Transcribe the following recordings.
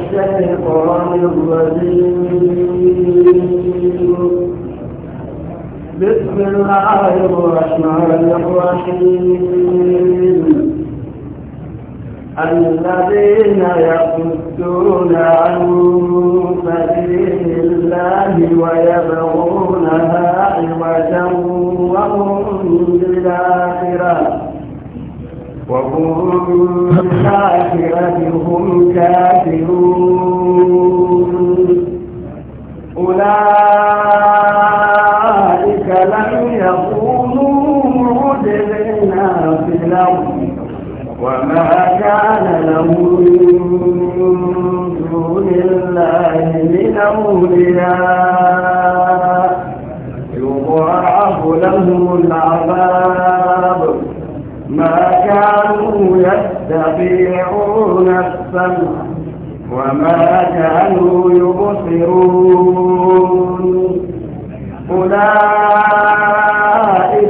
الشيطان الرجيم بسم الله الرحمن الرحيم الذين يصدون عن سبيل الله ويبغونها عوجا وهم بالآخرة وهم بالآخرة هم كافرون أولئك لم يكونوا معجزين في الأرض وما كان لهم من دون الله من أولياء يضاعف لهم العذاب ما كانوا يستطيعون السمع وما كانوا يبصرون أولئك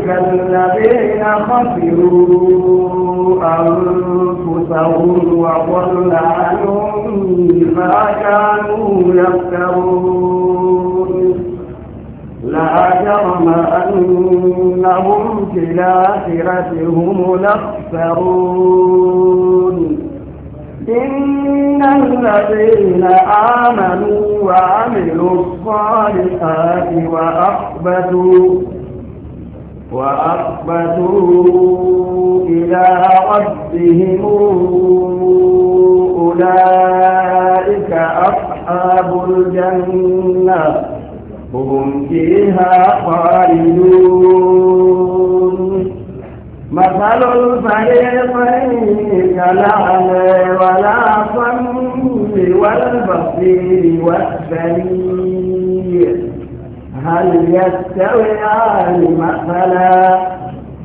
الذين خسروا أنفسهم وضل عنهم ما كانوا يفترون لا جرم أنهم في الآخرة هم الأخسرون إن الذين آمنوا وعملوا الصالحات وأخبتوا وأخبتوا إلى ربهم أولئك أصحاب الجنة هم فيها خالدون مثل الفريقين ولا صم والبصير والسميع هل يستويان مثلا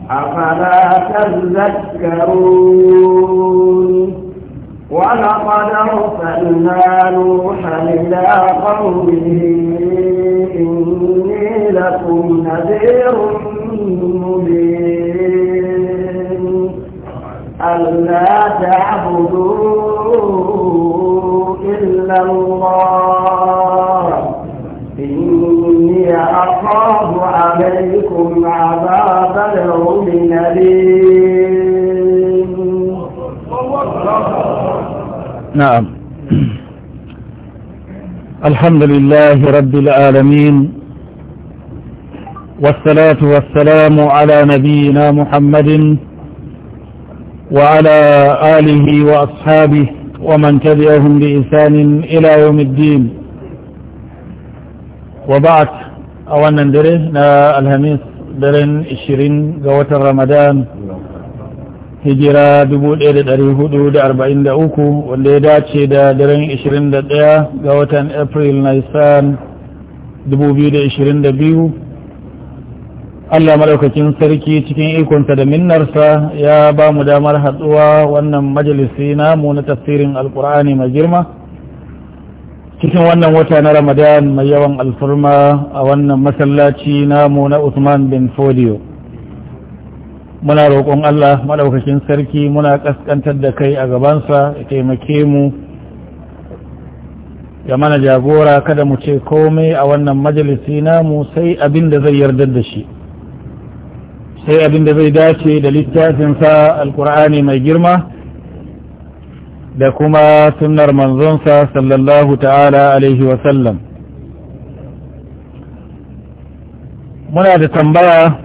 أفلا تذكرون ولقد أرسلنا نوحا إلى قومه نذير مبين ألا تعبدوا إلا الله إني أخاف عليكم عذاب يوم أليم نعم الحمد لله رب العالمين والصلاة والسلام على نبينا محمد وعلى آله وأصحابه ومن تبعهم بإنسان إلى يوم الدين وبعد أولا درهنا الهميس درن الشرين قوة رمضان هجرة دبول إيدة داري حدود أربعين دعوكو والليدات داتشي درن الشرين دعوة أبريل نيسان دبو بيد الشرين دبيو Allah madaukakin sarki cikin ikonsa da minnarsa ya ba mu damar haɗuwa wannan majalisi namu na tafsirin alkur'ani mai girma cikin wannan wata na ramadan mai yawan alfurma a wannan masallaci namu na usman bin fodiyo muna roƙon Allah madaukakin sarki muna ƙasƙantar da kai a gabansa ya taimake mu ya mana jagora kada mu ce komai a wannan majalisi namu sai abin da zai yardar da shi sai abin da zai dace da littafinsa alkur'ani mai girma da kuma sunnar manzonsa sallallahu ta'ala alaihi wasallam muna da tambaya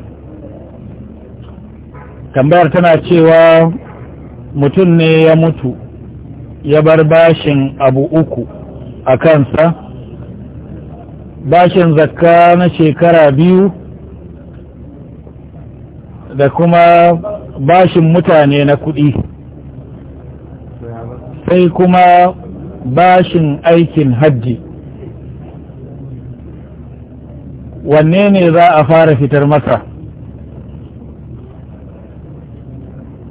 tambayar tana cewa mutum ne ya mutu ya bar bashin abu uku a kansa bashin zakka na shekara biyu da kuma bashin mutane na kuɗi sai kuma bashin aikin hajji wanne ne za a fara fitar masa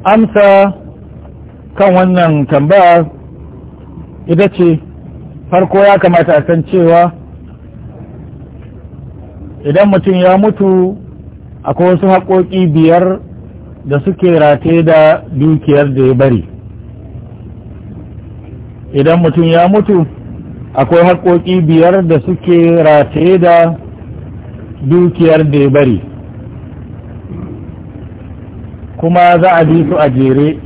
amsa kan wannan tambaya ita ce farko ya kamata a san cewa idan mutum ya mutu akwai wasu haƙoƙi biyar da suke rataye da dukiyar da ya bari idan mutum ya mutu akwai haƙoƙi biyar da suke rate da dukiyar da ya bari kuma za a su a jere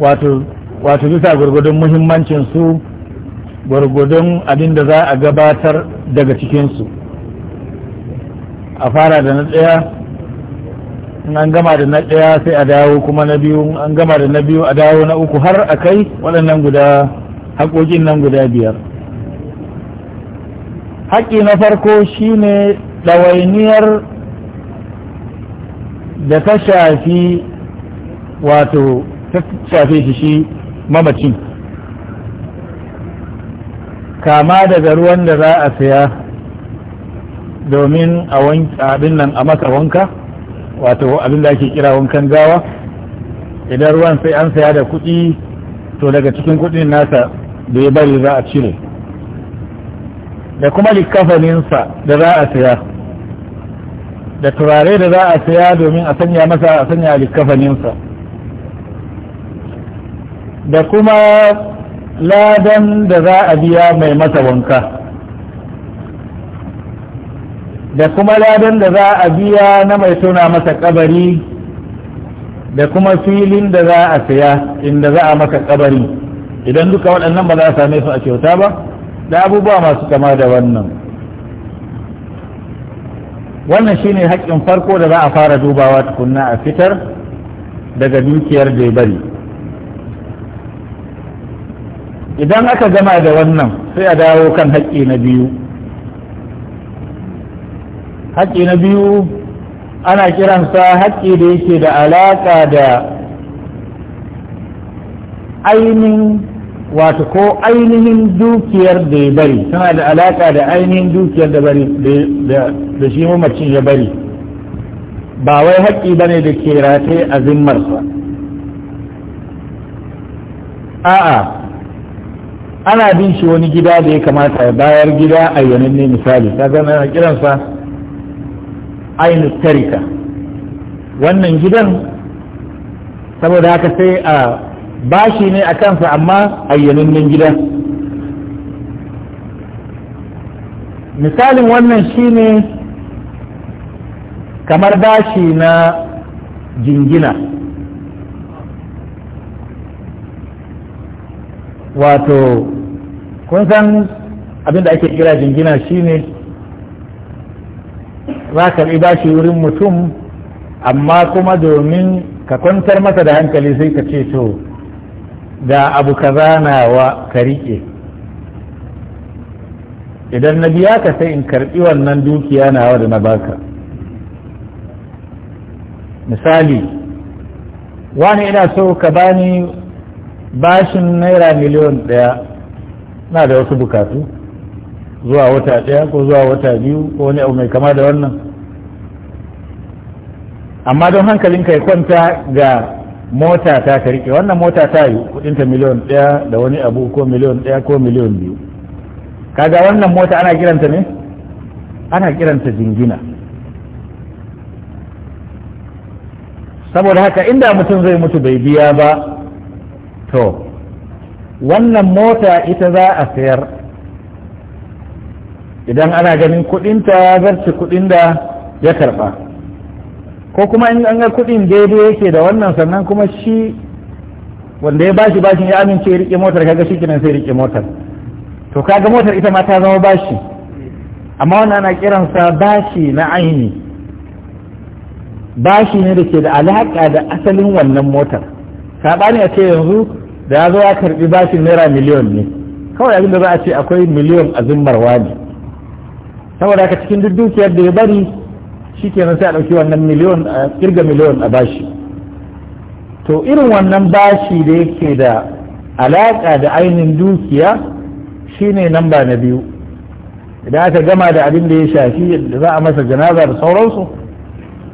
wato bisa gwargwadon muhimmancinsu gwargwadon abinda za a gabatar daga cikinsu a fara da na ɗaya in an gama da na ɗaya sai a dawo kuma na biyu an gama da na biyu a dawo na uku har a kai waɗannan guda haƙoƙin nan guda biyar haƙƙi na farko shine ɗawainiyar da ta shafi wato ta shafe shi shi mamacin kama daga ruwan da za a saya domin a abin nan a masa wanka wato abin da ake kira wankan gawa idan ruwan sai an saya da kuɗi to daga cikin kuɗin nasa da ya bari za a cire da kuma likafaninsa da za a saya da turare da za a saya domin a sanya masa a sanya likafaninsa da kuma ladan da za a biya mai masa wanka da kuma ladan da za a biya na mai tona masa kabari da kuma filin da za a saya inda za a masa kabari idan duka waɗannan ba za a same su a kyauta ba da abubuwa masu kama da wannan wannan shine haƙƙin farko da za a fara dubawa tukunna a fitar daga dukiyar da bari idan aka gama da wannan sai a dawo kan haƙƙi na biyu haƙƙi na biyu ana kiransa haƙƙi da yake da alaƙa da ainihin wato ko ainihin dukiyar da ya bari tana da alaƙa da ainihin dukiyar da bari da shi mamacin ya bari ba wai haƙƙi ba ne da ke rataye a zimmarsa a'a ana bin shi wani gida da ya kamata ya bayar gida a yanin ne misali ta zama kiransa ainu tarika wannan gidan saboda haka sai a bashi ne a kansa amma ayyanunnen gida misalin wannan shine kamar bashi na jingina wato kun san abinda ake kira jingina shine za ka bashi wurin mutum amma kuma domin ka kwantar masa da hankali sai ka ce to da abu ka zana wa ka riƙe idan na biya ka sai in karɓi wannan dukiya nawa da na baka misali wani ina so ka bani bashin naira miliyon ɗaya na da wasu bukatu zuwa wata ɗaya ko zuwa wata biyu ko wani abu mai kama da wannan amma don hankalin kai kwanta ga mota ta ka rike wannan mota ta yi kudinta miliyon ɗaya da wani abu ko miliyon ɗaya ko miliyon biyu kaga wannan mota ana kiranta ne ana kiranta jingina saboda haka inda mutum zai mutu bai biya ba to wannan mota ita za a sayar idan ana ganin kudinta ya zarce kuɗin da ya karba ko kuma in an ga kudin daidai yake da wannan sannan kuma shi wanda ya bashi bashin ya amince ya rike motar kaga shi kenan sai rike motar to kaga motar ita ma ta zama bashi amma wannan ana kiransa bashi na aini bashi ne da ke da alaƙa da asalin wannan motar saɓani a ce yanzu da ya zo ya karɓi bashin naira miliyon ne kawai abinda za a ce akwai miliyon a zummarwa ne saboda haka cikin duk dukiyar da ya bari shi kenan sai a ɗauki wannan miliyon a kirga miliyon a bashi to irin wannan bashi da yake da alaƙa da ainihin dukiya shine namba na biyu idan aka gama da abin da ya shafi da za a masa janaza da sauransu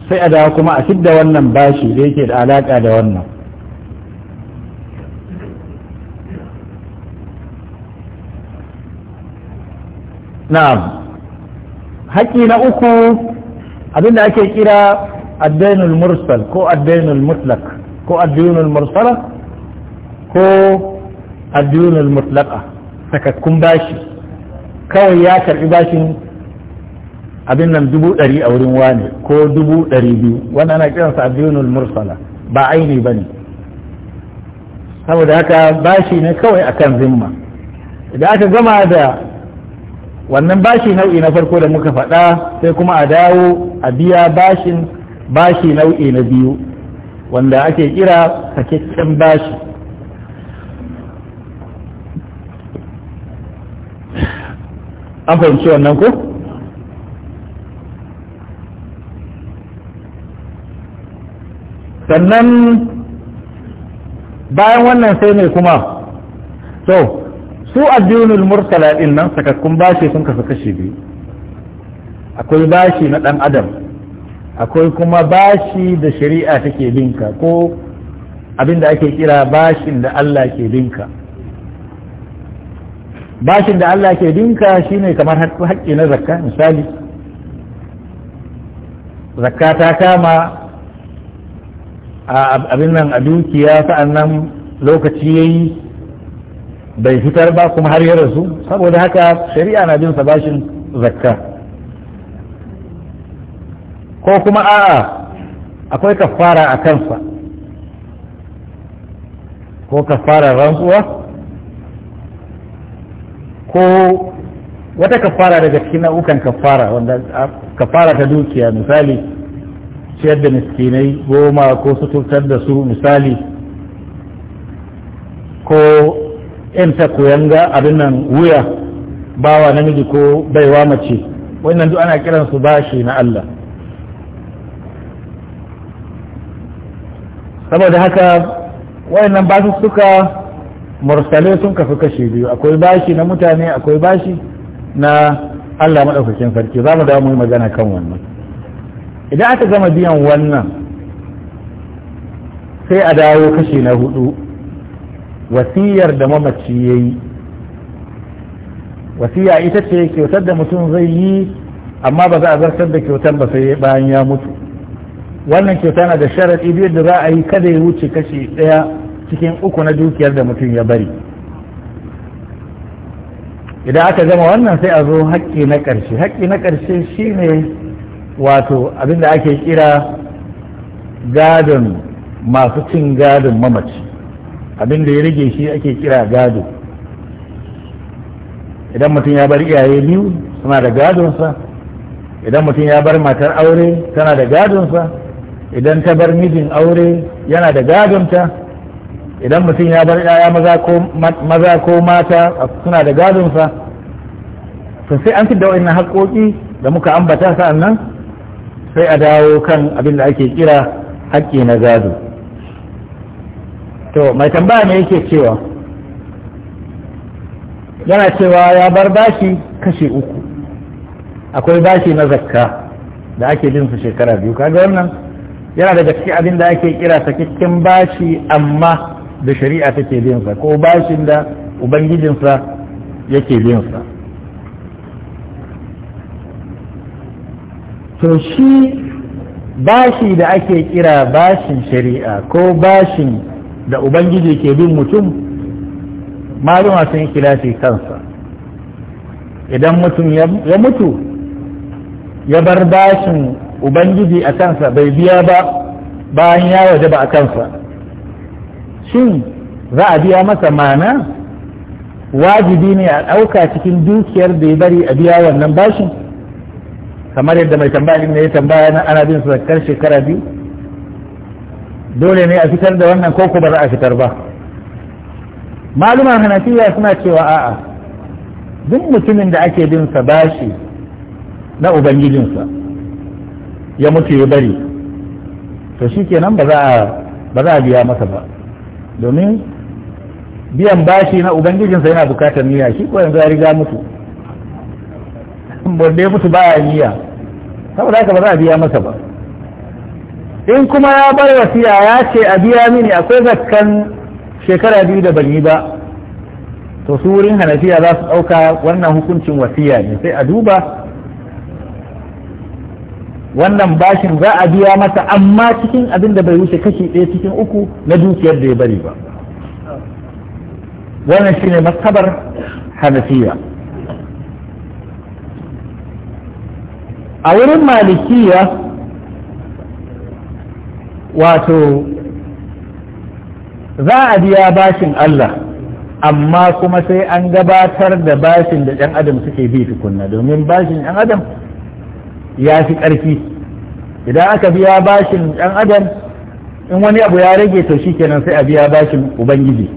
sai a dawo kuma a fidda wannan bashi da yake da alaƙa da wannan na'am haƙƙi na uku abinda ake kira addainul mursal ko addainul mutlak ko addinul mursala ko addinul mutlaka sakakkun bashi kawai ya karɓi bashin abin nan dubu ɗari a wurin wane ko dubu ɗari biyu wannan ana kiransa addinul mursala ba aini ba ne saboda haka bashi ne kawai akan zimma idan aka gama da wannan bashi nau'i na farko da muka faɗa sai kuma a dawo a biya bashin bashi nau'i na biyu wanda ake kira sakakken bashi an fahimci wannan ko? sannan bayan wannan sai mai kuma so su addinul Murtala din nan sakakkun bashi sun kasu kashi biyu akwai bashi na dan adam akwai kuma bashi da shari'a take binka ko abin da ake kira bashin da Allah ke binka bashin da Allah ke binka shine kamar haƙƙi na zakka misali zakka ta kama a abin nan a dukiya sa'annan lokaci yayi bai fitar ba kuma har ya su saboda haka shari'a na bin bashin zakka ko kuma a'a akwai kafara a kansa ko kafara rantsuwa ko wata kafara daga cikin nau'ukan kafara wanda kafara ta dukiya misali ciyar da miskinai goma ko suturtar da su misali ko yan ta koyanga abin nan wuya bawa namiji ko baiwa mace wannan duk ana kiransu bashi na Allah saboda haka wayannan basu suka mursalai sun kafi kashi biyu akwai bashi na mutane akwai bashi na Allah maɗaukakin sarki za mu dawo mu magana kan wannan idan aka gama biyan wannan sai a dawo kashi na hudu wasiyar da mamaci ya yi wasiya ita ce kyautar da mutum zai yi amma ba za a zartar da kyautar ba sai bayan ya mutu wannan kyauta na da sharaɗi biyu da za a yi kada ya wuce kashi ɗaya cikin uku na dukiyar da mutum ya bari idan aka gama wannan sai a zo haƙƙi na ƙarshe haƙƙi na ƙarshe shine wato abin da ake kira gadon masu cin gadon mamaci abin da ya rage shi ake kira gado idan mutum ya bar iyaye biyu suna da gadonsa idan mutum ya bar matar aure tana da gadonsa idan ta bar mijin aure yana da gadonta idan mutum ya bar yaya maza ko mata suna da gadonsa to sai an fidda wa'in haƙoƙi da muka ambata sa'an nan sai a dawo kan abin da ake kira haƙƙi na gado to mai tambaya ne yake cewa yana cewa ya bar bashi kashi uku akwai bashi na zakka da ake jin su shekara biyu kaga wannan yana daga cikin abin da ake kira sakakken bashi amma da shari'a take bin sa ko bashin da ubangijinsa yake bin sa to shi bashi da ake kira bashin shari'a ko bashin da ubangiji ke bin mutum maluma sun kilafi kansa idan mutum ya mutu ya bar bashin ubangiji a kansa bai biya ba bayan ya waje ba a kansa shin za a biya masa mana wajibi ne a ɗauka cikin dukiyar da ya bari a biya wannan bashin kamar yadda mai tambayin ne ya tambaya na ana bin su shekara biyu dole ne a fitar da wannan ko ku ba za a fitar ba maluman hanafiya suna cewa a'a duk mutumin da ake bin sa bashi na ubangijinsa ya mutu ya bari to shi kenan ba za a biya masa ba domin biyan bashi na ubangijinsa yana bukatar niyya shi ko yanzu ya riga mutu ba ya mutu a niyya saboda haka ba za a biya masa ba in kuma ya bar wasiya ya ce a biya mini akwai zakkan shekara biyu da ban yi ba to su wurin hanafiya za su ɗauka wannan hukuncin wasiya ne sai a duba wannan bashin za a biya masa amma cikin abin da bai wuce kashi ɗaya cikin uku na dukiyar da ya bari ba wannan shi ne masabar hanafiya a wurin malikiya wato za a biya bashin Allah amma kuma sai an gabatar da bashin da ɗan adam suke bi tukunna domin bashin ɗan adam ya fi ƙarfi idan aka biya bashin ɗan adam in wani abu ya rage to kenan sai a biya bashin ubangiji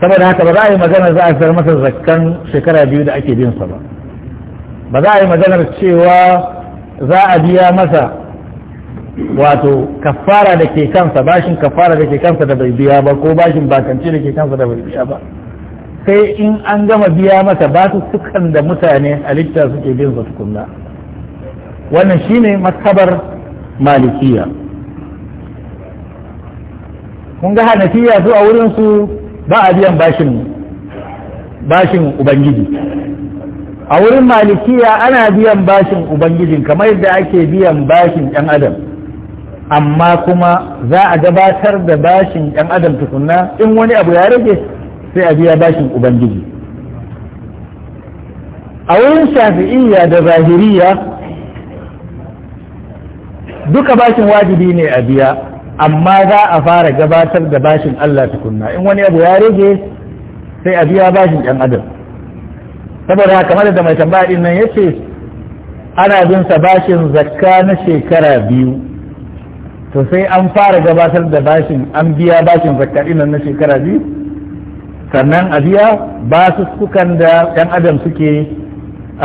saboda haka ba za a yi maganar za a sayar masa zakkan shekara biyu da ake bin sa ba ba za a yi maganar cewa za a biya masa wato kafara da ke kansa bashin kafara da ke kansa da bai biya ba ko bashin bakanci da ke kansa da bai biya ba sai in an gama biya masa ba su sukan da mutane halitta suke bin su tukunna wannan shine matabar malikiya kun ga hanafiya su a wurin su ba a biyan bashin bashin ubangiji a wurin malikiya ana biyan bashin ubangijin kamar yadda ake biyan bashin 'yan adam amma kuma za a gabatar da bashin ɗan adam tukunna in wani abu ya rage sai a biya bashin ubangiji a wurin shafi'iyya da zahiriya duka bashin wajibi ne a biya amma za a fara gabatar da bashin Allah tukunna in wani abu ya rage sai a biya bashin ɗan adam saboda kamar da mai tambaya nan ya ce ana bin sa bashin zakka na shekara biyu to sai an fara gabatar da bashin an biya bashin zakka nan na shekara biyu sannan a biya basussukan da yan adam suke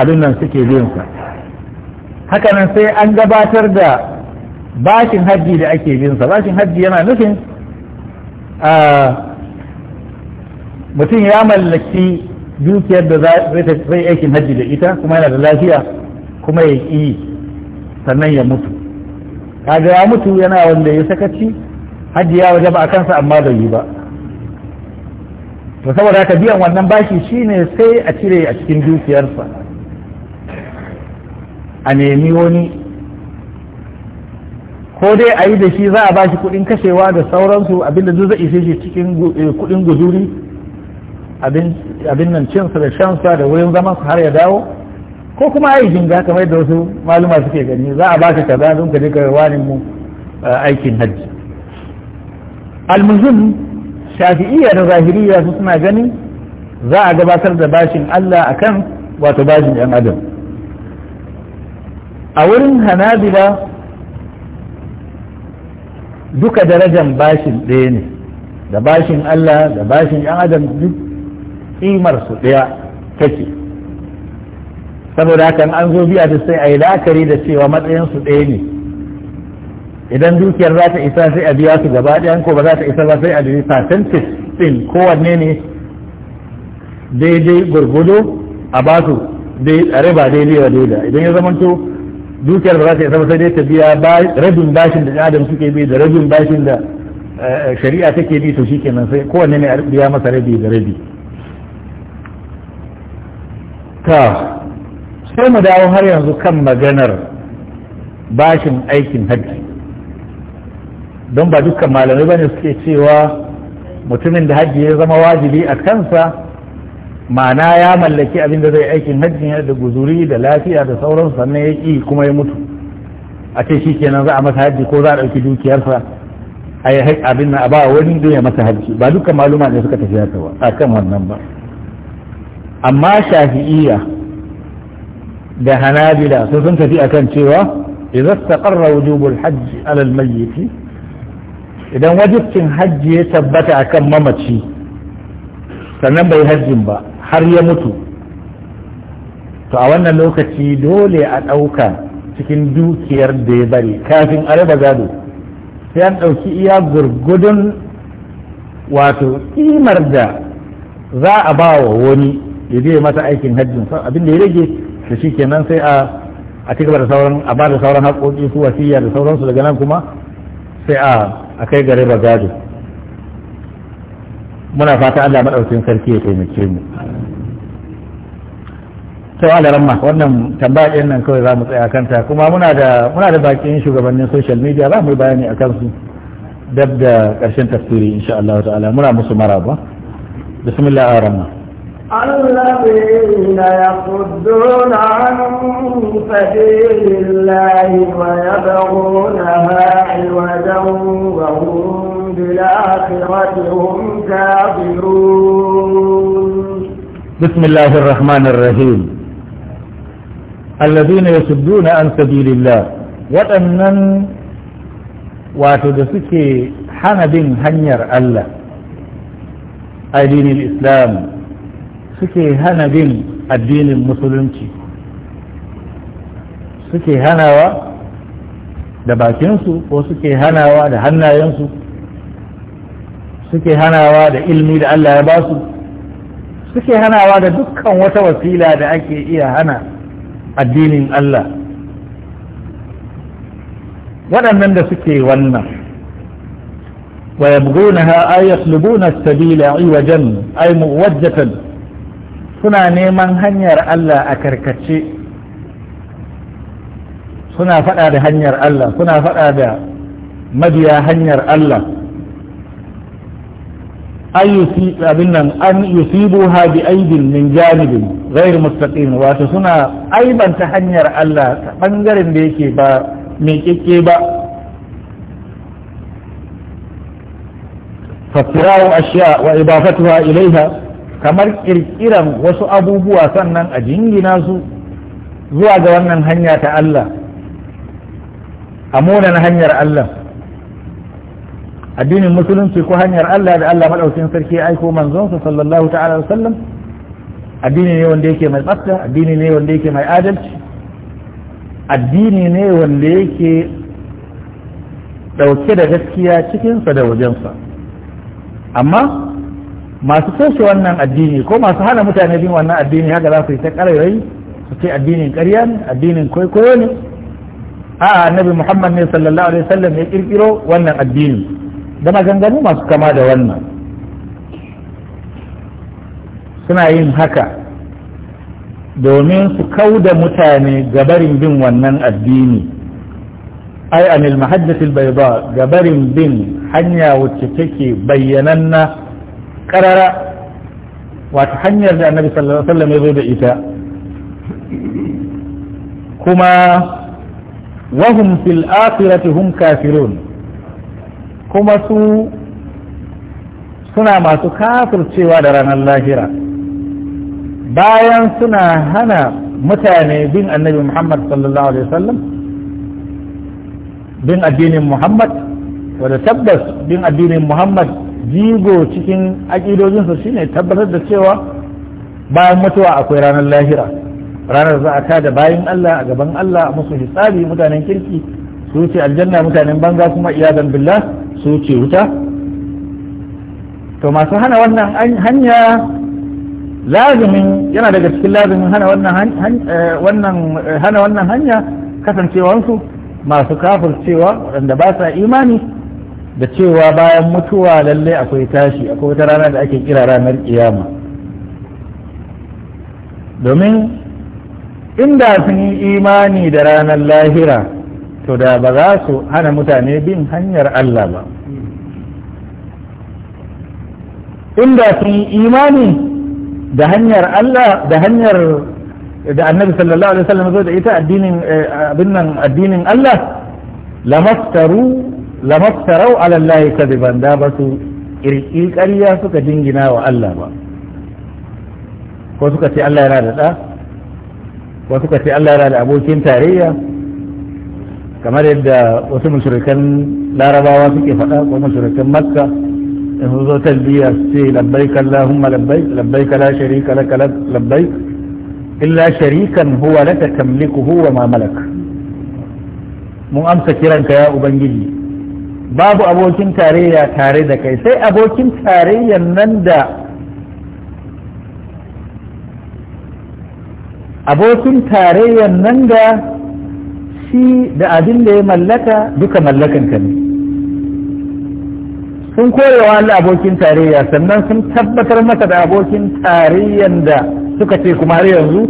abin nan suke biyansa haka nan sai an gabatar da bashin hajji da ake biyansa bashin hajji yana nufin mutum ya mallaki dukiyar da zai aikin hajji da ita kuma yana da lafiya kuma ya yi sannan ya mutu kaga ya mutu yana wanda ya sakaci hajji ya waje ba a kansa amma bai yi ba to saboda haka biyan wannan bashi shine sai a cire a cikin dukiyarsa a nemi wani ko dai a yi da shi za a bashi kudin kashewa da sauransu abinda duk zai shi cikin eh, kudin guzuri abin nan cinsa da shansa da wurin zamansa har ya dawo ko kuma aikin ga kamar da wasu maluma suke gani za a baka kaza don ka je ka wani mu aikin hajji almuhim shafi'iyya da zahiriyya su suna ganin za a gabatar da bashin Allah kan wato bashin yan adam a wurin hanabila duka darajan bashin ɗaya ne da bashin Allah da bashin yan adam duk imarsu su ɗaya take saboda haka an zo biya ta sai a yi la'akari da cewa matsayin su ɗaya ne idan dukiyar za ta isa sai a biya su gaba ɗaya ko ba za ta isa ba sai a biya percentage ɗin kowanne ne daidai gurgudo a ba su riba daidai wa daida idan ya zamanto dukiyar ba za ta isa ba sai dai ta biya rabin bashin da adam suke bi da rabin bashin da eh, shari'a take bi to shikenan sai kowanne ne a biya masa rabi da rabi ta sai mu dawo har yanzu kan maganar bashin aikin hajji don ba dukkan malamai bane suke cewa mutumin da hajji ya zama wajibi a kansa ma'ana ya mallaki abin da zai aikin hajji ya da guzuri da lafiya da sauransu sannan ya ƙi kuma ya mutu a ce shi kenan za a masa hajji ko za a ɗauki dukiyarsa a yi abin a ba wani don ya masa hajji ba dukkan maluma ne suka tafi haka ba a kan wannan ba amma shafi'iyya da hanabila sun sun tafi akan cewa idan istaqarra wujubul hajji ala al-mayyit idan wajibcin hajji ya tabbata akan mamaci sannan bai hajjin ba har ya mutu to a wannan lokaci dole a ɗauka cikin dukiyar da ya bari kafin a raba gado sai an ɗauki iya gurgudun wato kimar da za a ba wa wani ya je masa aikin hajjin abin da ya rage Da shi kenan sai a a cigaba da sauran a ba sauran haƙoƙi su wasiya da sauransu daga nan kuma sai a a kai gare ba gado muna fata Allah maɗaukin sarki ya taimake mu sau alaramma wannan tambaya ɗin nan kawai za mu tsaya kanta kuma muna da muna da bakin shugabannin social media za mu yi bayani a kansu dab da ƙarshen tafsiri insha Allah ta'ala muna musu maraba bismillah alaramma الذين يصدون عن سبيل الله ويبغونها عوجا وهم بالآخرة هم كافرون بسم الله الرحمن الرحيم الذين يصدون عن سبيل الله waɗannan wato da suke hana bin hanyar Allah addinin Islam suke hana bin addinin musulunci suke hanawa da bakinsu ko suke hanawa da hannayensu suke hanawa da ilmi da Allah ya ba su suke hanawa da dukkan wata wasila da ake iya hana addinin Allah waɗannan da suke wannan ويبغونها أي يطلبون السبيل عوجا أي مؤوجة suna neman hanyar Allah a karkace suna faɗa da hanyar Allah suna faɗa da mabiya hanyar Allah abin nan an yusibu ha bi aibin min janibin ghair mustaqim wato suna aibanta hanyar Allah ta bangaren da yake ba mai kike ba fasirawo ashiya wa idafatuha ilaiha kamar ƙirƙiran wasu abubuwa sannan a jingina su zuwa ga wannan hanya ta Allah a munan hanyar Allah addinin musulunci ko hanyar Allah da Allah maɗaukin sarki ya aiko manzonsa sallallahu ta'ala sallam addini ne wanda yake mai tsafta addini ne wanda yake mai adalci addini ne wanda yake ɗauke da gaskiya cikinsa da wajensa amma masu toshe wannan addini ko masu hana mutane bin wannan addini haka za su yi ta ƙarairayi su ce addinin ƙarya ne addinin kwaikwayo ne a annabi muhammad ne sallallahu alaihi wasallam ya kirkiro wannan addini da maganganu masu kama da wannan suna yin haka domin su kau da mutane gabarin bin wannan addini ai anil mahajjatil bayda gabarin bin hanya wacce take bayyananna karara wata hanyar da annabi sallallahu alaihi wasallam ya zo da ita kuma wahum fil akhirati hum kafirun kuma su suna masu kafircewa da ranar lahira bayan suna hana mutane bin annabi Muhammad sallallahu alaihi wasallam bin addinin Muhammad wadda tabbas bin addinin Muhammad jigo cikin aƙidojinsa shine tabbatar da cewa bayan mutuwa akwai ranar lahira ranar za a tada bayan Allah a gaban Allah musu hisabi mutanen kirki su ce aljanna mutanen banza kuma iyadan billah su ce wuta to masu hana wannan hanya lazimin yana daga cikin lazimin hana wannan eh, eh, hana wannan hanya kasancewansu masu kafircewa waɗanda ba sa imani da cewa bayan mutuwa lallai akwai tashi akwai wata rana da ake kira ranar kiyama domin inda sun yi imani da ranar lahira to da ba za su hana mutane bin hanyar Allah ba inda sun yi imani da hanyar Allah da hanyar da annabi sallallahu alaihi wasallam zo da ita addinin eh, abin nan addinin Allah lamaftaru ala Allahi kadiban da ba su ƙirƙirƙariya suka jingina wa Allah ba ko suka ce Allah yana da ɗa ko suka ce Allah yana da abokin tarayya kamar yadda wasu mushrikan larabawa suke faɗa ko mushrikan makka in zo talbiya su ce labbaik allahumma labbaik labbaik la sharika lak labbaik illa sharikan huwa laka tamliku huwa ma malak mun amsa kiranka ya ubangiji babu abokin tarayya tare da kai sai abokin tarayyan nan da abokin tarayyan nan da shi da abin da ya mallaka duka mallakan ka ne sun korewa Allah abokin tarayya sannan sun tabbatar maka da abokin tarayyan da suka ce kuma har yanzu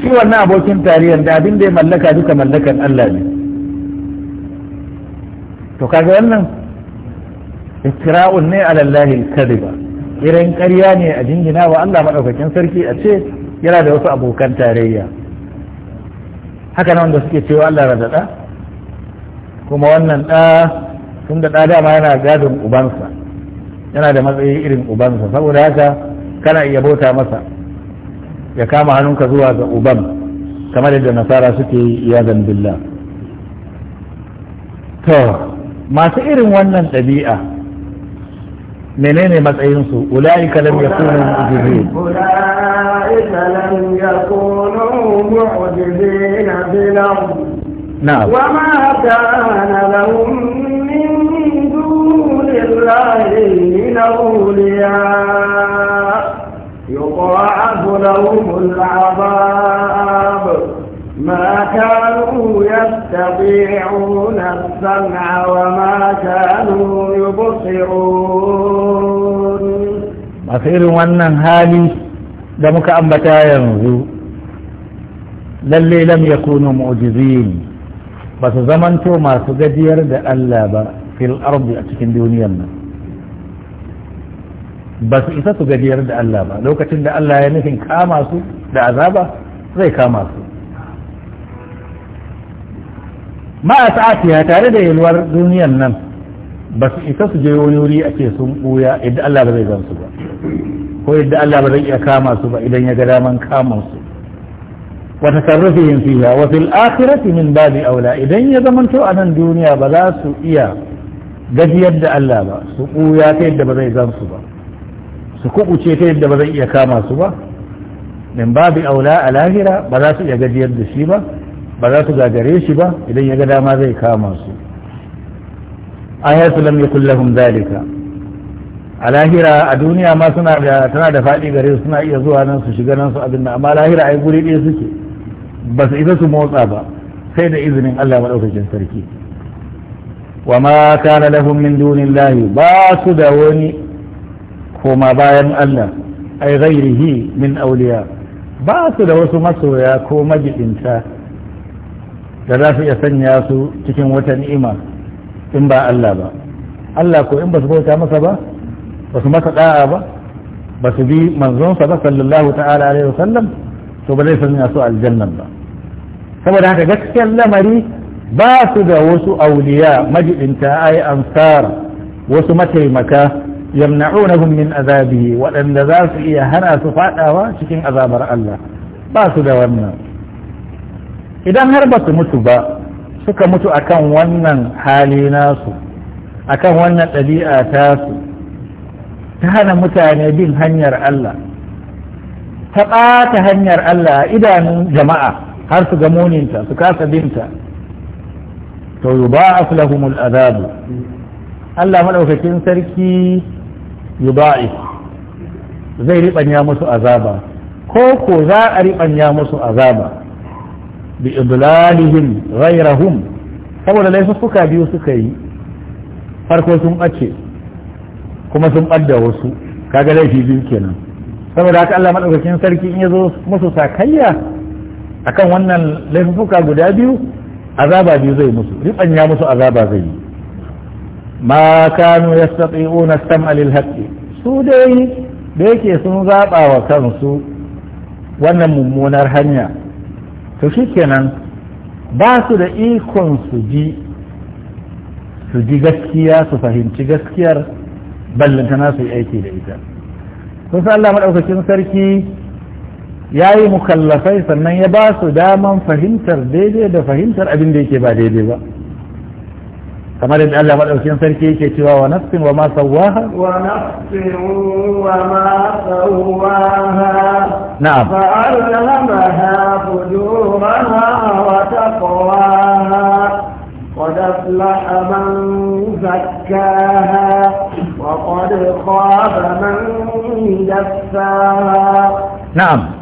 shi wannan abokin tarayyan da abin da ya mallaka duka mallakan Allah ne to kaga wannan ikira'un ne ala Allahi kadiba irin ƙarya ne a jingina wa Allah maɗaukakin sarki a ce yana da wasu abokan tarayya haka nan wanda suke cewa Allah radada kuma wannan ɗa tun da dama yana gadin ubansa yana da matsayi irin ubansa saboda haka kana iya bauta masa ya kama hannunka zuwa ga uban kamar yadda nasara suke yi iyazan billah masu irin wannan ɗabi'a menene matsayinsu ula'ika lam yakunu mu'jizin ula'ika lam yakunu mu'jizin fil ما كانوا يستطيعون السمع وما كانوا يبصرون مصير وانن هالي دمك أنبتا ينزو للي لم يكونوا معجزين بس زمن توما سجدير دألا في الأرض أتكين دونينا بس إذا سجدير دألا لو كتن دألا ينفن كاماسو دعذابا زي كاماسو ma a sa'atiya tare da yalwar duniyar nan ba su isa su je wani wuri a ce sun ɓuya yadda Allah ba zai gan su ba ko yadda Allah ba zai iya kama su ba idan ya ga daman kama su wa tasarrufihim fiha wa fil akhirati min babi aula idan ya zamanto a nan duniya ba za su iya gajiyar da Allah ba su ɓuya ta yadda ba zai gan su ba su kubuce ta yadda ba zai iya kama su ba min babi aula a lahira ba za su iya gajiyar da shi ba ba za su gagare shi ba idan ya ga dama zai kama su ayatu lam yakul lahum dalika a lahira a duniya ma suna da tana da faɗi gare su suna iya zuwa nan su shiga nan su abin amma lahira ai guri ɗaya suke ba su isa su motsa ba sai da izinin Allah maɗaukakin sarki wa ma kana lahum min dunillahi ba su da wani koma bayan Allah ai ghairihi min auliya ba su da wasu masoya ko majibinta da za su iya sanya su cikin wata ni'ima in ba Allah ba Allah ko in ba su bauta masa ba ba su masa da'a ba ba su bi manzonsa ba sallallahu ta'ala alaihi wasallam to ba zai sanya su aljannan ba saboda haka gaskiyar lamari ba su da wasu auliya majibinta ai ansar wasu mataimaka yamna'unahum min azabihi waɗanda za su iya hana su faɗawa cikin azabar Allah ba su da wannan idan har ba su mutu ba suka mutu akan wannan hali nasu akan wannan ɗabi'a su, ta hana mutane bin hanyar Allah ta ɓata hanyar Allah a idanun jama'a har su muninta su kasa binta to yuba'af lahumul azabu Allah madaukakin sarki yuba'if zai riɓanya musu azaba ko ko za a riɓanya musu azaba bi idlalihim ghayrahum saboda laifin laifuka biyu suka yi farko sun ɓace kuma sun ɓadda wasu kaga laifi biyu kenan saboda haka Allah madaukakin sarki in yazo musu sakayya akan wannan laifin laifuka guda biyu azaba biyu zai musu ribanya musu azaba zai yi ma kanu yastati'una sam'a lil haqqi su dai da yake sun zaba wa kansu wannan mummunar hanya to kenan ba su da ikon su ji su ji gaskiya su fahimci gaskiyar ballantana su yi aiki da ita sun san Allah maɗaukacin sarki ya yi mukallafai sannan ya ba su daman fahimtar daidai da fahimtar abin da yake ba daidai ba kamar yadda Allah madaukakin sarki yake cewa wa nafsin wa ma sawaha wa nafsin wa ma sawaha na'am fa alhamaha fujuraha wa taqwaha dafla man zakkaha wa qad khaba man دساها na'am.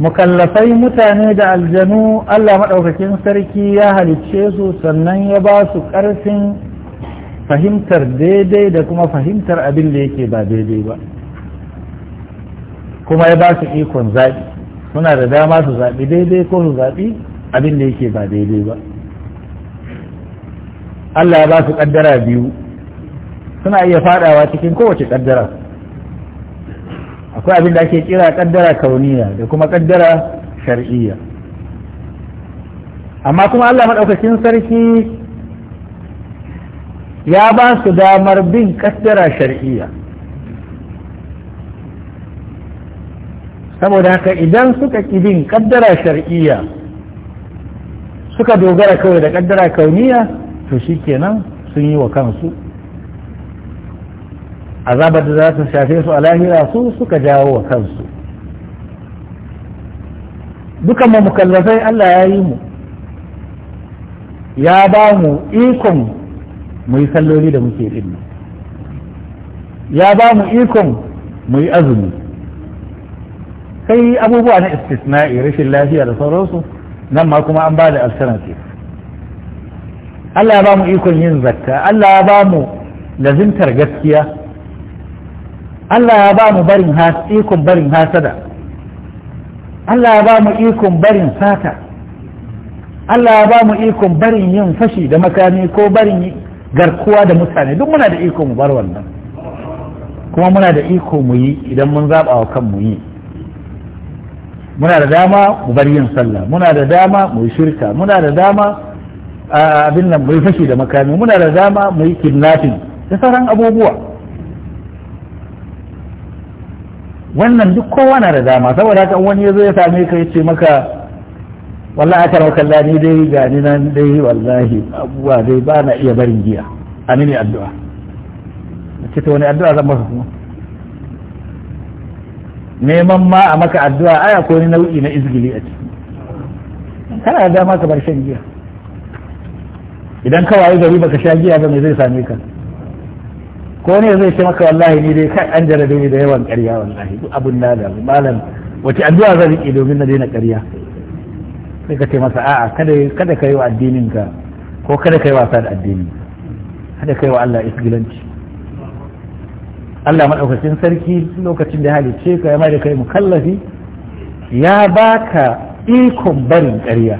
mukallafai mutane da aljanu Allah maɗaukakin sarki ya halicce su sannan ya ba su ƙarfin fahimtar daidai da kuma fahimtar abin da yake ba daidai ba kuma ya ba su ikon zaɓi suna da dama su zaɓi daidai ko su zaɓi abin da yake ba daidai ba Allah ya ba su ƙaddara biyu suna iya faɗawa cikin kowace ƙaddara akwai abin da ake kira kaddara kauniya da kuma kaddara shar'iyya amma kuma Allah maɗaukakin sarki ya ba su damar bin kaddara shar'iyya saboda haka idan suka ƙi bin kaddara shar'iyya suka dogara kawai da kaddara kauniya to shikenan sun yi wa kansu azabar da za ta shafe su a lahira su suka jawo wa kansu dukan mu Allah ya yi mu ya ba mu ikon mu yi salloli da muke din ya ba mu ikon mu yi azumi sai abubuwa na istisna'i rashin lafiya da sauransu nan ma kuma an ba da alternative Allah ya ba mu ikon yin zakka Allah ya ba mu lazimtar gaskiya Allah ya ba mu barin ikon barin hasada Allah ya ba mu ikon barin sata Allah ya ba mu ikon barin yin fashi da makami ko barin garkuwa da mutane duk muna da iko mu bar wannan kuma muna da iko mu yi idan mun zaɓa wa kan mu yi muna da dama mu bar yin sallah muna da dama mu yi shirka muna da dama abin nan mu yi fashi da makami muna da dama mu yi kidnapping da sauran abubuwa wannan duk kowa na da dama saboda haka wani ya zo ya same ka ya ce maka wallahi aka rauka Allah ni dai ga ni nan dai wallahi abuwa dai ba na iya barin giya a ne addu'a kace to wani addu'a zan masa kuma neman ma a maka addu'a aya akwai ni nau'i na izgili a ciki kana da dama ka bar shan giya idan ka wayi gari baka sha giya ba me zai same ka ko ne zai ce maka wallahi ni dai kai an jarabe ni da yawan ƙarya wallahi duk abun na da malam wace addu'a zan yi domin na daina ƙarya sai ka ce masa a'a kada kada kai wa addinin ka ko kada kai wa da addini kada kai wa Allah isgilanci Allah madaukakin sarki lokacin da halicce ka ya mai da kai mukallafi ya baka ikon barin ƙarya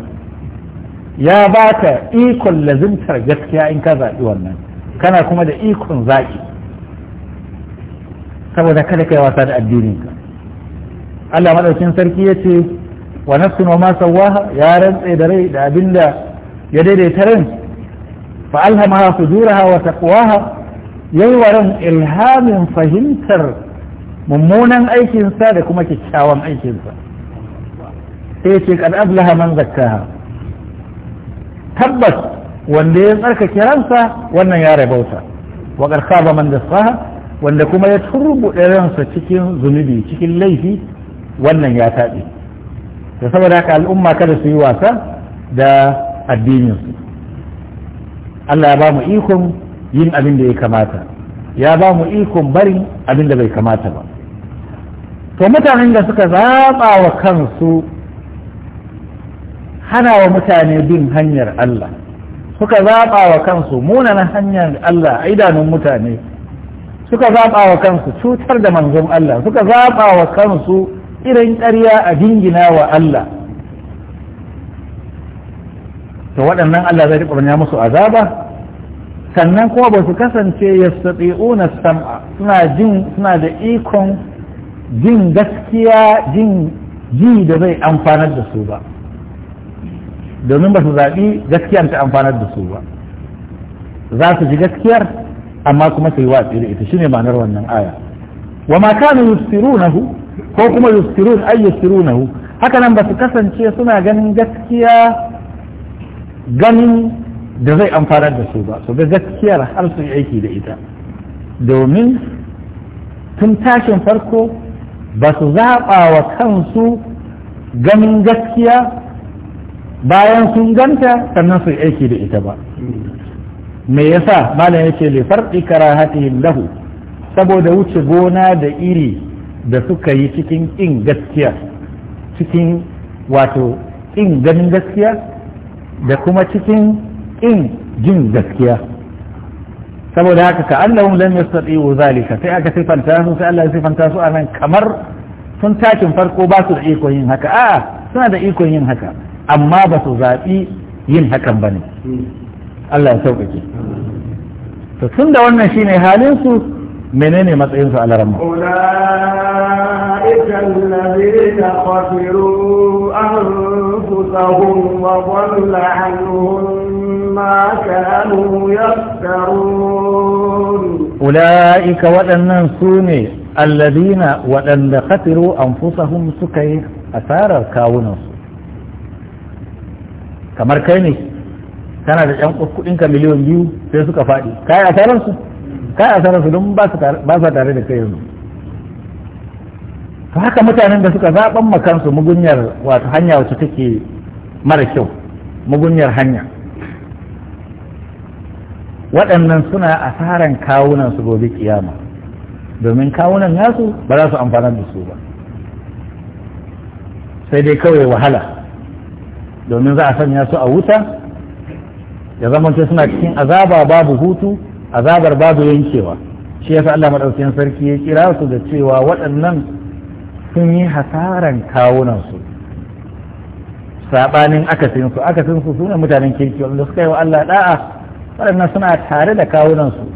ya baka ikon lazimtar gaskiya in ka zaɓi wannan kana kuma da ikon zaƙi saboda kada kai wasa da addininka Allah madaukin sarki ya ce wa nafsun wa ma sawaha ya rantse da rai da abinda ya daidaita ran fa alhamaha fujuraha wa taqwaha yayi wa ran ilhamin fahimtar mummunan aikinsa da kuma kyakkyawan aikinsa sai ce kad ablaha man zakkaha tabbas wanda ya tsarkake ransa wannan ya rabauta wa qad khaba man dassaha wanda kuma ya turbu ransa cikin zunubi cikin laifi wannan ya taɓe da saboda haka al'umma kada su yi wasa da addininsu Allah ya ba mu ikon yin abin da ya kamata ya ba mu ikon barin abin da bai kamata ba to mutanen da suka zaɓa wa kansu hana wa mutane bin hanyar Allah suka zaɓa wa kansu munanan hanyar Allah a idanun mutane suka zaɓa wa kansu cutar da manzon Allah suka zaɓa wa kansu irin ƙarya a dingina wa Allah to waɗannan Allah zai riƙa musu azaba sannan kuma ba su kasance yastati'una sam'a suna jin suna da ikon jin gaskiya jin ji da zai amfanar da su ba domin ba su zaɓi gaskiyar ta amfanar da su ba za su ji gaskiyar amma kuma sai watsi da ita shine ma'anar wannan aya wa ma kana yusirunahu ko kuma yusirun ay yusirunahu haka nan ba su kasance suna ganin gaskiya ganin da zai amfana da su ba su ga gaskiyar har su aiki da ita domin tun tashin farko ba su zaɓa wa kansu ganin gaskiya bayan sun ganta sannan su aiki da ita ba me yasa malam yake li farqi karahatihim lahu saboda wuce gona da iri da suka yi cikin in gaskiya cikin wato in ganin gaskiya da kuma cikin in jin gaskiya saboda haka ka annahum lam yastati'u zalika sai aka sifanta su sai Allah ya sifanta su anan kamar sun takin farko ba su da iko yin haka a'a suna da iko yin haka amma ba su zaɓi yin hakan ba ne Allah ya sauƙaƙe to tun da wannan shine halin su menene matsayin su a larama أولئك الذين خسروا أنفسهم وضل عنهم ما كانوا يفترون أولئك ودنن سوني الذين ودن خسروا أنفسهم سكي أثار كاونس كمر كيني kana da yan kuɗin ka miliyan biyu sai suka faɗi kai asaran su kai asaran su don ba su tare da kai yanzu to haka mutanen da suka zaɓan makansu mugunyar wato hanya wacce take mara kyau mugunyar hanya waɗannan suna asaran kawunan su gobe kiyama domin kawunan nasu ba za su amfanar da su ba sai dai kawai wahala domin za a sanya su a wuta ya zamanto suna cikin azaba babu hutu azabar babu yankewa shi yasa Allah madaukakin sarki ya kira su da cewa waɗannan sun yi hasaran kawunansu sabanin su, akasin su sune mutanen kirki wanda suka yi wa Allah da'a waɗannan suna tare da kawunansu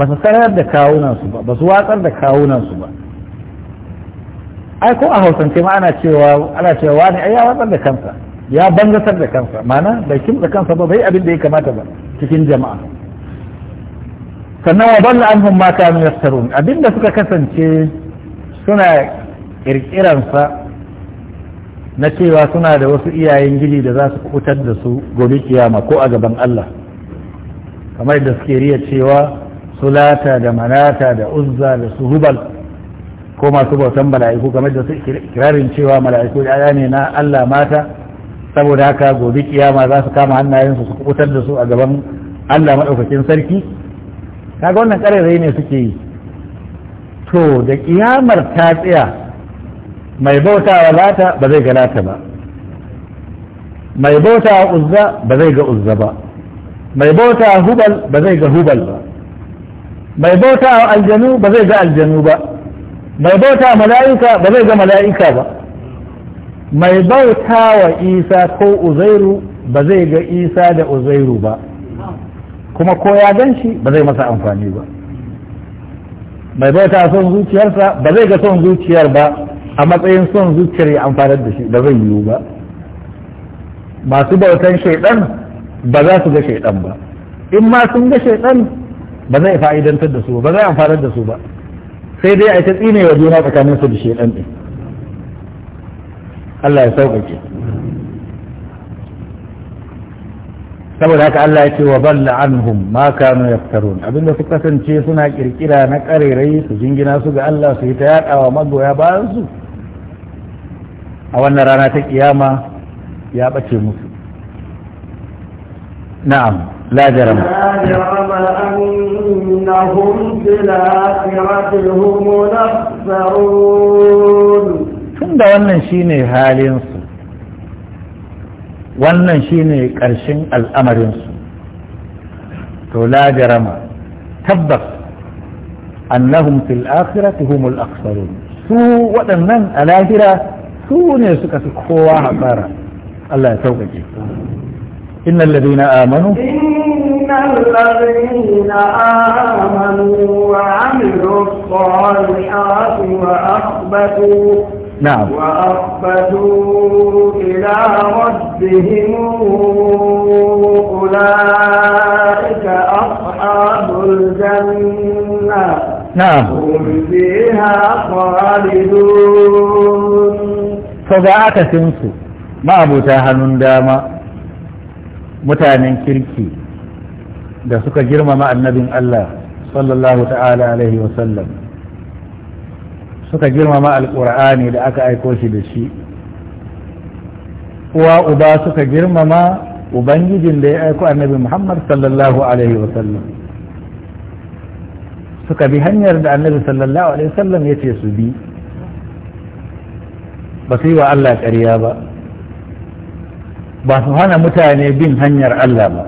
ba su sanar da kawunansu ba ba su watsar da kawunansu ba ai ko a hausance ma ana cewa ana cewa ne ai ya watsar da kansa ya bangasar da kansa mana bai da kansa ba bai abin da ya kamata ba cikin jama'a sannan wa balla anhum ma kanu yastarun abin da suka kasance suna kirkiransa na cewa suna da wasu iyayen gidi da za su kutar da su gobe kiyama ko a gaban Allah kamar da suke riya cewa sulata da manata da uzza da suhubal ko masu bautan mala'iku kamar da su ikirarin cewa mala'iku da ne na Allah mata saboda haka gobe kiyama za su kama hannayensu su kubutar da su a gaban Allah maɗaukakin sarki kaga wannan ƙararrai ne suke yi to da kiyamar ta tsaya mai bautawa lata ba zai ga lata ba mai bautawa uzza ba zai ga uzza ba mai bautawa hubal ba zai ga hubal ba mai bautawa aljanu ba zai ga aljanu ba mai bautawa mala'ika ba zai ga mala'ika ba mai bauta wa isa ko uzairu ba zai ga isa da uzairu ba kuma ko ya gan shi ba zai masa amfani ba mai bauta son zuciyarsa ba zai ga son zuciyar ba a matsayin son zuciyar ya amfana da shi ba zai yiwu ba masu bautan shaidan ba za su ga shaidan ba in ma sun ga shaidan ba zai fa'idantar da su ba zai amfana da su ba sai dai a ta tsinewa juna tsakaninsu da shaidan din Allah ya sauƙaƙe saboda haka Allah ya ce wa balla anhum ma kanu yaftarun abinda su kasance suna ƙirƙira na karerai su jingina su ga Allah su yi ta yaɗawa magoya bayan su a wannan rana ta kiyama ya ɓace musu na'am jarama la jarama annahum fil akhirati hum tunda wannan shine halinsu wannan shine ƙarshen al'amarinsu to la jarama tabbas annahum fil akhirati humul aksarun su waɗannan a lahira su ne suka fi kowa hasara Allah ya sauƙaƙe إن الذين آمنوا إن الذين آمنوا وعملوا الصالحات وأخبتوا نعم وأخبتوا إلى ربهم أولئك أصحاب الجنة نعم هم فيها خالدون فبعك سنسو ما أبو تاهن داما mutanen kirki da suka girmama annabin Allah sallallahu ta'ala alaihi wasallam suka girmama alƙur'ani da aka aiko shi da shi uwa uba suka girmama ubangijin da ya aiko annabi muhammad sallallahu alaihi wasallam suka bi hanyar da annabi sallallahu alaihi wasallam ya ce su bi ba su yi wa allah ƙarya ba ba su hana mutane bin hanyar allah ba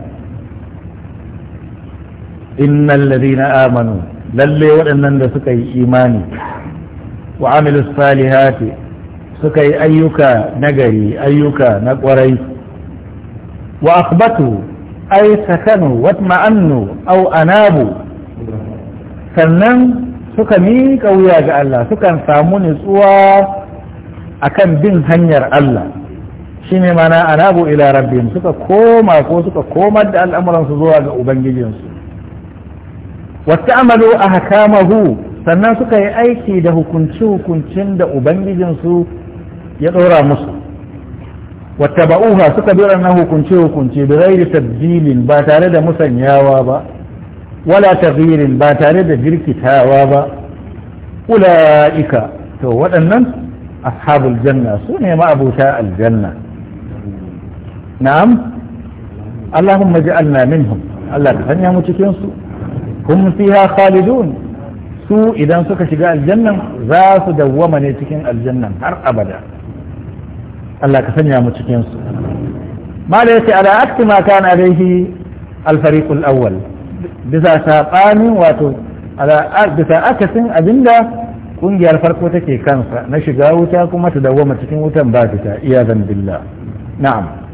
innal ladina amanu lalle waɗannan da suka yi imani wa amilu salihati suka yi ayyuka nagari ayyuka na kwarai wa akhbatu ay sakanu anabu sannan suka miƙa wuya ga Allah sukan samu nutsuwa akan bin hanyar Allah shine mana anabu ila rabbihim suka koma ko suka komar da al'amuransu zuwa ga ubangijinsu wata amalu a hakamahu sannan suka yi aiki da hukunci-hukuncin da ubangijinsu ya ɗora musu wata ba'uha suka bi na hukunci-hukunci da zai tabbilin ba tare da musanyawa ba wala taghirin ba tare da jirkitawa ba ula'ika to waɗannan ashabul janna su ne ma'abuta aljanna na'am allahumma ja'alna minhum Allah ka sanya mu cikin su hum fiha khalidun su idan suka shiga aljannan za su dawwama ne cikin aljannan har abada Allah ka sanya mu cikin su mala yace ala akti ma kana alaihi alfariqul awwal bisa sabanin wato ala bisa akasin abinda kungiyar farko take kansa na shiga wuta kuma ta dawwama cikin wutan ba fita iyadan billah na'am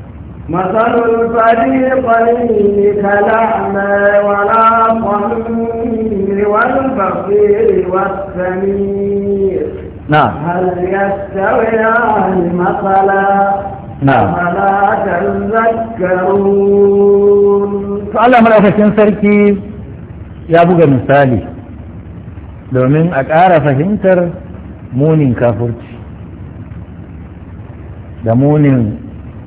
مثل الفريقين كالأعمى والأصم والبصير والسميع نعم هل يستويان مثلا نعم فلا تذكرون فعلا ملأكتين سركي ya buga misali domin a ƙara fahimtar munin kafurci da munin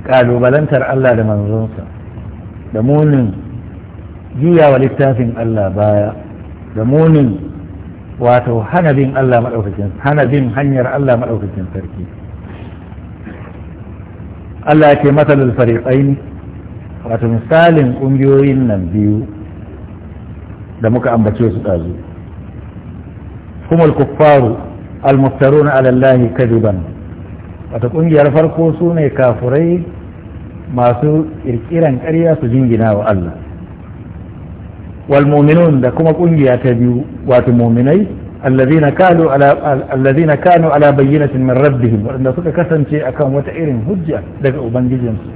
kalubalantar Allah da manzonsa da munin juya wa littafin Allah baya da munin wato hana bin Allah maɗaukakin hanyar Allah maɗaukakin sarki Allah ya ce matsalul fariƙaini wato misalin ƙungiyoyin nan biyu da muka ambace su ɗazu kuma kuffaru almuftaruna ala Allah kadiban wata ƙungiyar farko su ne kafurai masu ƙirƙiran karya su jingina wa Allah wal da kuma ƙungiya ta biyu wato mu'minai allazina kanu ala allazina kanu ala bayyinatin min rabbihim wanda suka kasance akan wata irin hujja daga ubangijinsu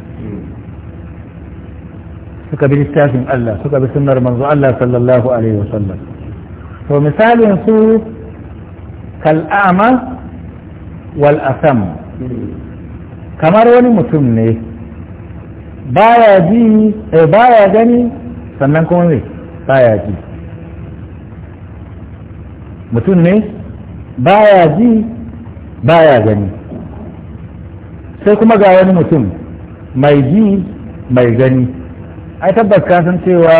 suka bi littafin Allah suka bi sunnar manzo Allah sallallahu alaihi to misalin su kal'ama wal asam kamar wani mutum ne baya ji eh baya gani sannan kuma me baya ji mutum ne baya ji baya gani sai kuma ga wani mutum mai ji mai gani ai tabbas ka san cewa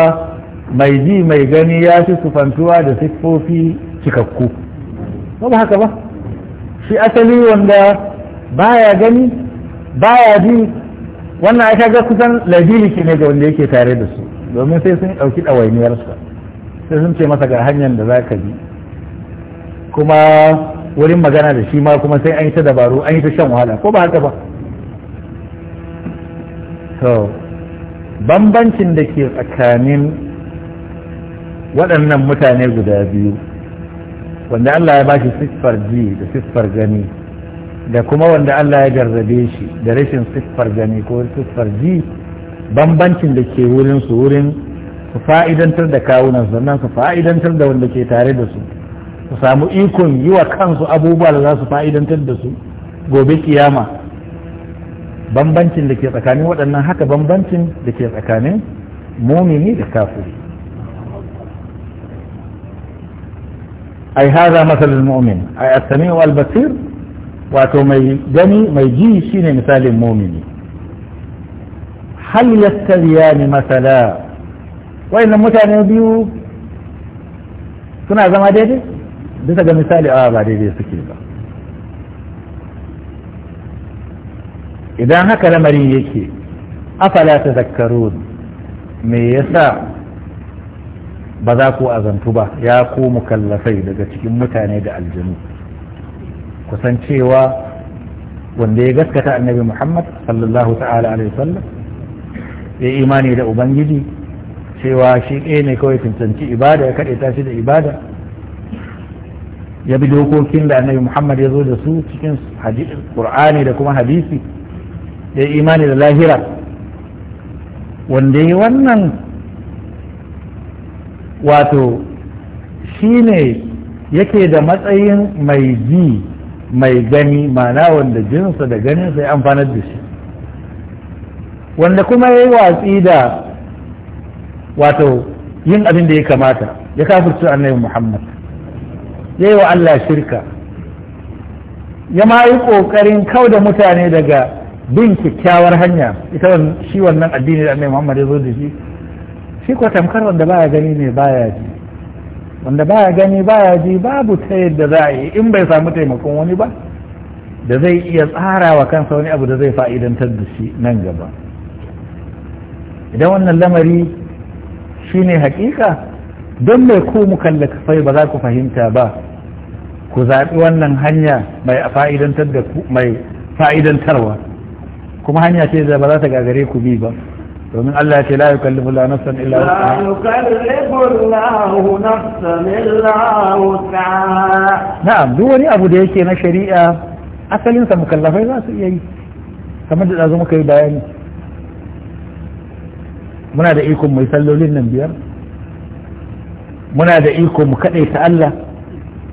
mai ji mai gani ya fi sufantuwa da siffofi cikakku ba ba haka ba shi asali wanda baya gani baya ji wannan aka ga kusan lazili ke ne ga wanda yake tare da su domin sai sun ɗauki ɗawainiyarsa sai sun ce masa ga hanyar da za ka bi kuma wurin magana da shi ma kuma sai an yi ta dabaru an yi ta shan wahala ko ba haka ba to bambancin da ke tsakanin waɗannan mutane guda biyu wanda Allah ya ba shi siffar ji da siffar gani da kuma wanda Allah ya garzabe shi da rashin siffar gani ko siffar ji bambancin da ke wurin su wurin su fa'idantar da kawunan sannan su fa'idantar da wanda ke tare da su su samu ikon yi wa kansu abubuwa da za su fa'idantar da su gobe kiyama bambancin da ke tsakanin waɗannan haka bambancin da ke tsakanin mumini da kafiri ai hada masalin mu'min ai as-sami' al basir wato mai gani mai ji shine misalin mumini hal ni masala wayannan mutane biyu suna zama daidai bisa ga misali a ba daidai suke ba idan haka lamari yake afala ta zakaru me yasa ba za ku azantu ba ya ku mukallafai daga cikin mutane da aljanu kusan cewa wanda ya gaskata annabi muhammad sallallahu ta'ala alaihi sallam ya imani da ubangiji cewa shi ɗaya ne kawai cancanci ibada ya kaɗe tashi da ibada ya bi dokokin da annabi muhammad ya zo da su cikin qur'ani da kuma hadisi ya imani da lahira wanda yi wannan wato shi ne yake da matsayin mai ji mai gani mana wanda jinsa da ganinsa ya amfanar da shi wanda kuma ya yi watsi da wato yin abin da ya kamata ya kafirce annabi muhammad ya yi wa allah shirka ya ma yi ƙoƙarin kau da mutane daga bin kyakkyawar hanya ita shi wannan addini da annabi muhammad ya zo da shi shi ko tamkar wanda baya gani ne baya ji wanda baya gani baya ji babu ta yadda za a yi in bai samu taimakon wani ba da zai iya tsara wa kansa wani abu da zai fa'idantar da shi nan gaba idan wannan lamari shi ne hakika don mai ku kafai ba za ku fahimta ba ku zaɓi wannan hanya mai fa'idantarwa kuma hanya ce da ba za ta gagare ku bi ba domin Allah ya ce la yukallifu la nafsan illa wus'aha la yukallifu Allahu nafsan illa wus'aha na'am duk wani abu da yake na shari'a asalin sa mukallafai za su iya yi kamar da zazu muka yi bayani muna da ikon mai sallolin nan biyar muna da iko mu ta Allah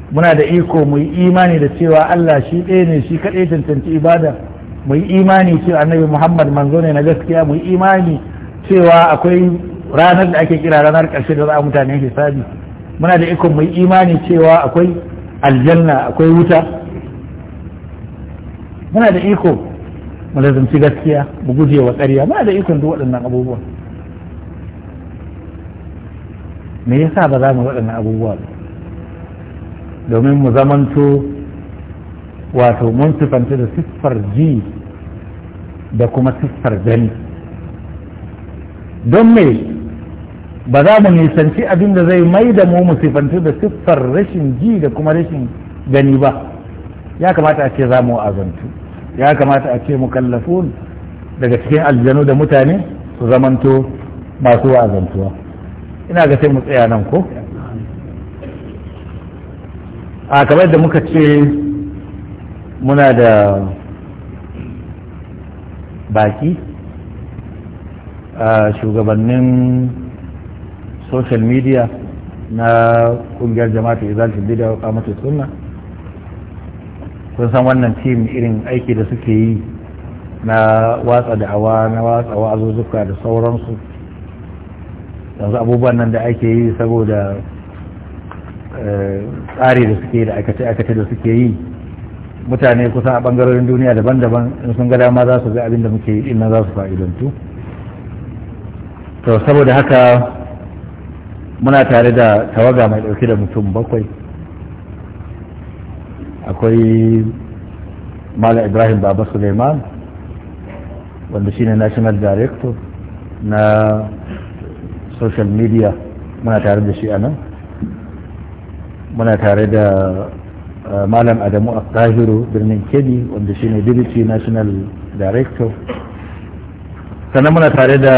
muna da iko mu yi imani da cewa Allah shi ɗaya ne shi kaɗai tantance ibada mu yi imani cewa annabi Muhammad manzo ne na gaskiya mu yi imani cewa akwai ranar da ake kira ranar ƙarshe da za a mutane hisabi muna da ikon mai imani cewa akwai aljanna akwai wuta muna da iko mu lazumci gaskiya mu guje wa ƙarya muna da ikon duk waɗannan abubuwa me yasa ba za mu waɗannan abubuwa ba domin mu zamanto wato mun sifanta da siffar ji da kuma siffar gani don me ba za mu nisanci abin da zai mai da mu mu da siffar rashin ji da kuma rashin gani ba ya kamata a ce za mu azantu ya kamata a ce mukallafun daga cikin aljanu da mutane su zamanto masu wa'azantuwa ina ga sai mu tsaya nan ko a kamar da muka ce muna da baki shugabannin social media na kungiyar ta izalcin da wa kamata sunna kun san wannan tim irin aiki da suke yi na watsa da'awa na watsa wa'azuzzuka da sauransu yanzu abubuwan nan da ake yi saboda eh, tsari da suke da aikace-aikace da suke yi mutane kusan a bangarorin duniya daban-daban in sun ga dama za su ga abin da muke yi na za su fa'idantu to saboda haka muna tare da tawaga mai dauke da mutum bakwai akwai malam ibrahim baba suleiman wanda shine national director na social media muna tare da shi a nan muna tare da uh, malam adamu a birnin kebbi wanda shine deputy national director sannan muna tare da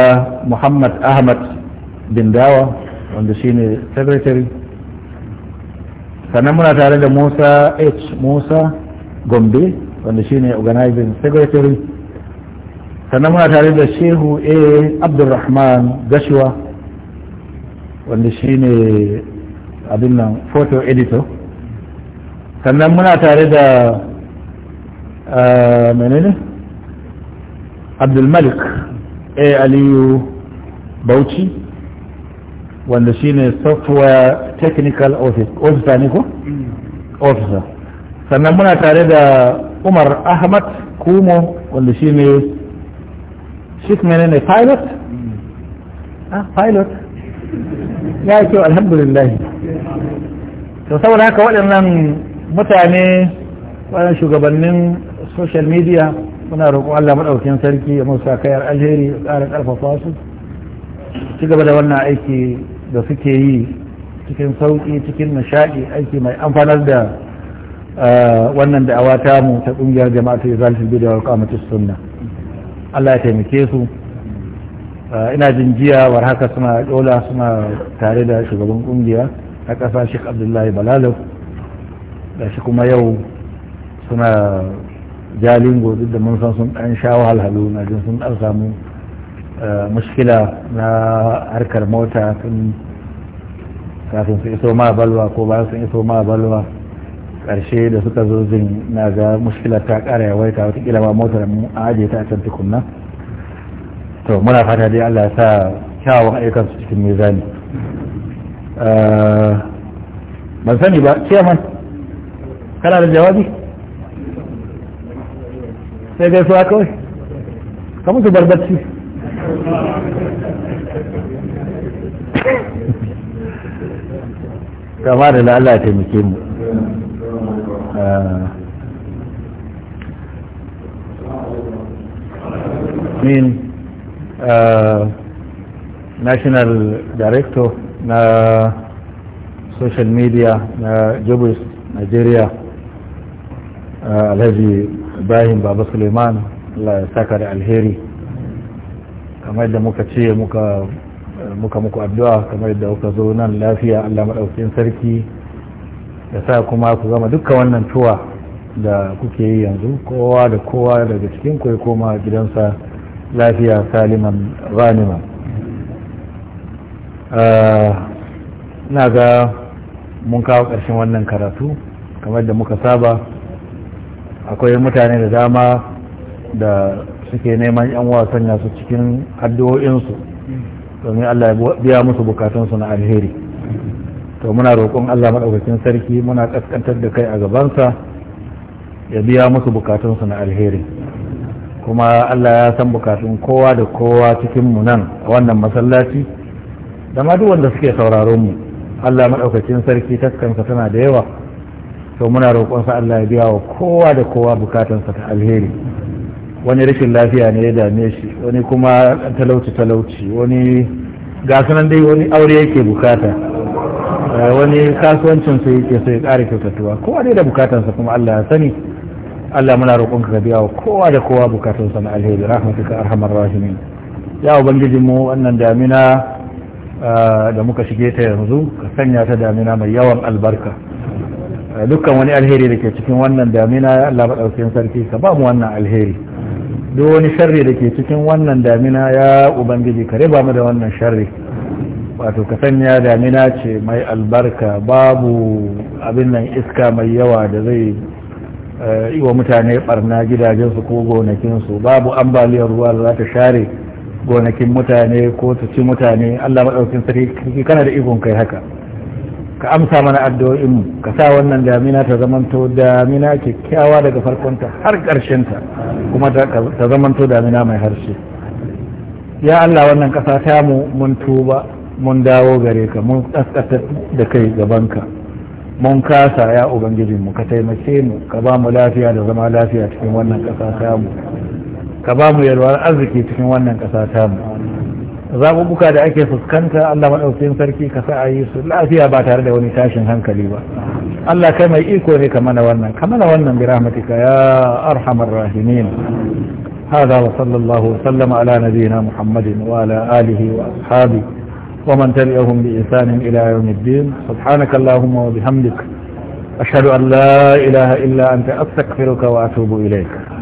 muhammad ahmad bin dawa wanda shine secretary sannan muna tare da musa h musa gombe wanda shine organizing secretary sannan muna tare da shehu a abdulrahman gashuwa wanda shine abin nan photo editor sannan muna tare da uh, menene abdulmalik a aliyu bauchi wanda shi ne software technical officer ne ko? Mm. officer sannan muna tare da umar ahmad kumo wanda shi shine chief menene pilot? Mm. ah pilot ya yi kyau alhamdulillah to saboda haka waɗannan mutane waɗannan shugabannin social media muna roƙo Allah maɗaukin sarki ya musa kayar alheri ya ƙara ƙarfafa su ci gaba da wannan aiki da suke yi cikin sauƙi cikin nishaɗi aiki mai amfanar da wannan da'awa ta mu ta ƙungiyar jama'atu izalatul bidiyo da qamatus sunna Allah ya taimake su ina jin jiya war haka suna dola suna tare da shugaban ƙungiya na ƙasa shi Abdullahi Balalo da shi kuma yau suna jalingo gobe da mun san sun ɗan sha wahalhalu na jin sun ɗan samu eh, mushkila na harkar mota sun kafin su iso ma balwa ko bayan sun iso ma balwa ƙarshe da suka zo zin na ga mushkila ta ƙara yawaita watakila ma motar mu ajiye ta a can tukunna to muna fata dai Allah ya sa kyawun ayyukan su cikin mizani eh, ban sani ba ciyaman kana da jawabi Saya sai gaisuwa kawai ka musu barbarci kama da Allah taimake mu min national director na social media na jobis nigeria alhaji ibrahim baba suleiman allah ya saka da alheri kamar da muka ce muka muku addu'a kamar da kuka zo nan lafiya allah maɗaukin sarki ya sa kuma ku gama dukkan wannan tuwa da kuke yi yanzu kowa da kowa daga cikin ku ya koma gidansa lafiya saliman ranima ah, na ga mun kawo ƙarshen wannan karatu kamar da muka saba akwai mutane da dama da suke neman yan wasan yasu cikin addu'o'insu domin Allah ya biya musu bukatunsu na alheri to muna roƙon Allah maɗaukakin sarki muna ƙasƙantar da kai a gabansa ya biya musu bukatunsu na alheri kuma Allah ya san bukatun kowa da kowa cikin mu nan a wannan masallaci da ma duk wanda suke sauraron mu Allah maɗaukakin sarki taskansa tana da yawa to muna roƙonsa Allah ya biya wa kowa da kowa bukatansa ta alheri wani rashin lafiya ne ya dame shi wani kuma talauci talauci wani gasunan dai wani aure yake bukata eh, wani kasuwancin sai yake sai ƙara kyautatuwa kowa dai da bukatansa kuma Allah ya sani Allah muna roƙon ka biya wa kowa da kowa bukatansa na alheri rahmatuka arhamar rahimin ya ubangiji mu wannan damina eh, da muka shige ta yanzu ka sanya ta damina mai yawan albarka dukkan wani alheri da ke cikin wannan damina ya Allah maɗaukakin sarki ka ba mu wannan alheri duk wani sharri da ke cikin wannan damina ya ubangiji ka riba mu da wannan sharri wato ka sanya damina ce mai albarka babu abin nan iska mai yawa da zai eh, yi wa mutane barna gidajensu ko gonakinsu babu ambaliyar ruwa da za ta share gonakin mutane ko ta ci mutane allah maɗaukin sarki kana da ikon kai haka ka amsa mana addu'o'inmu ka sa wannan damina ta zamanto damina kyakkyawa daga farkonta har ta kuma ta zamanto damina mai harshe ya Allah wannan ƙasa ta mu mun tuba mun dawo gare ka mun ƙasƙata da kai gabanka mun kasa ya mu ka taimake mu ka ba mu lafiya da zama lafiya cikin wannan ƙasa ta mu ka ba mu yalwar arziki cikin wannan ƙasa ta mu zaɓuɓɓuka da ake fuskanta Allah maɗaukakin sarki ka sa a yi su lafiya ba tare da wani tashin hankali ba Allah kai mai iko ne ka mana wannan ka wannan bi rahmatika ya arhamar rahimin هذا وصلى الله وسلم على wa محمد وعلى آله وأصحابه ومن تبعهم بإحسان إلى يوم الدين سبحانك اللهم وبحمدك أشهد أن لا إله إلا أنت wa وأتوب إليك